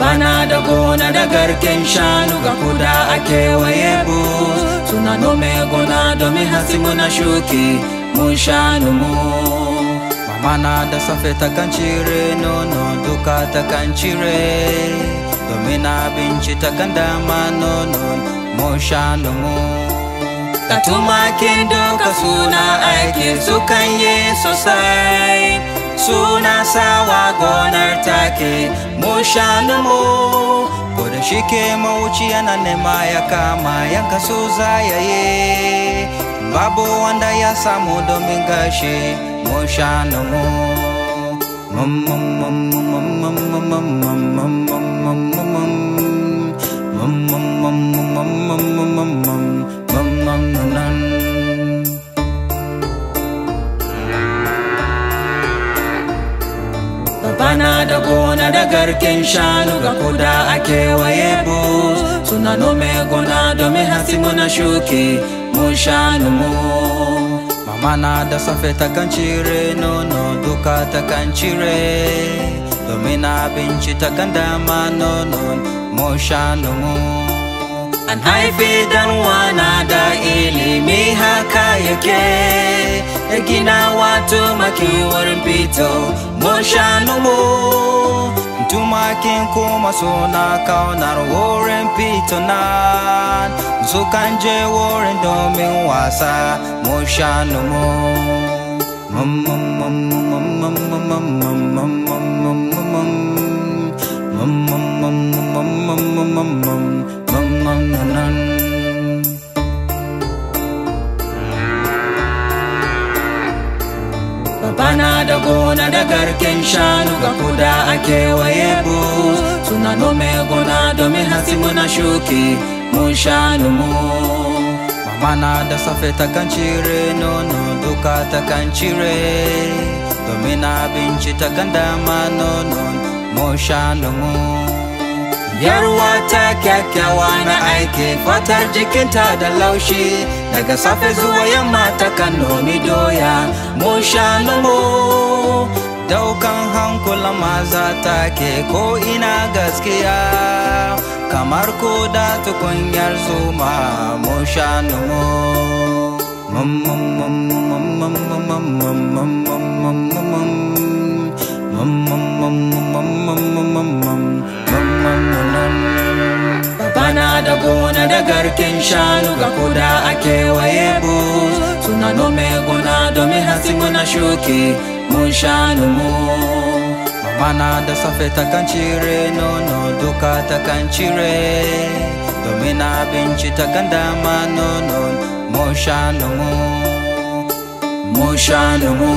bana da gona da garken shanu ga kuda a kewaye bu suna nome gona domin hasi muna shuki mun shanu mu mamana da safe ta kan cire nono duka ta kan cire domin abinci ta kan dama nono mu shanu mu ka tumakin duka suna aiki sukan yi sosai sawa gonar take mu shanu mu ko shike mauci yana nema ya kama yanka so zayaye babu wanda ya samu domin gashi mu shanu mu mum mum mum mum mum mum mum mum mum mum mum da gona da garken shanu ga Suna a kewaye bus suna nome gona domin hatsi na shuke mu shanu mu mamana da safe ta kan cire nono duka ta kan cire domin abinci ta kan dama nono mu shanu mu an haifi dan wana da ilimi haka yake ya gina wato makewar fito mun shanumu tumakin kuma suna kaunar wurin fito na su kan je wurin domin wasa mun shanumu gona da garken shanu ga kuda a kewaye bu suna nome domin hatsi muna shuki mu shanu mu mana da safe ta kan cire nono duka ta kan cire domin abinci ta kan dama nono mu shanu mu yarwa ta kyakkyawa na aiki fatar jikinta da laushi daga safe zuwa yamma ta kan nomi doya mu shanunmu daukan hankulan maza ta ke ko ina gaskiya kamar ko da tukunyar zuma mu shanunmu garkenshanu gakuda akewayebu tunanomeguna domihasinguna shuki mushanumu mamana dasafeta kancire nono dukata kancire domina bincita kandama nono mushanumu mushanumu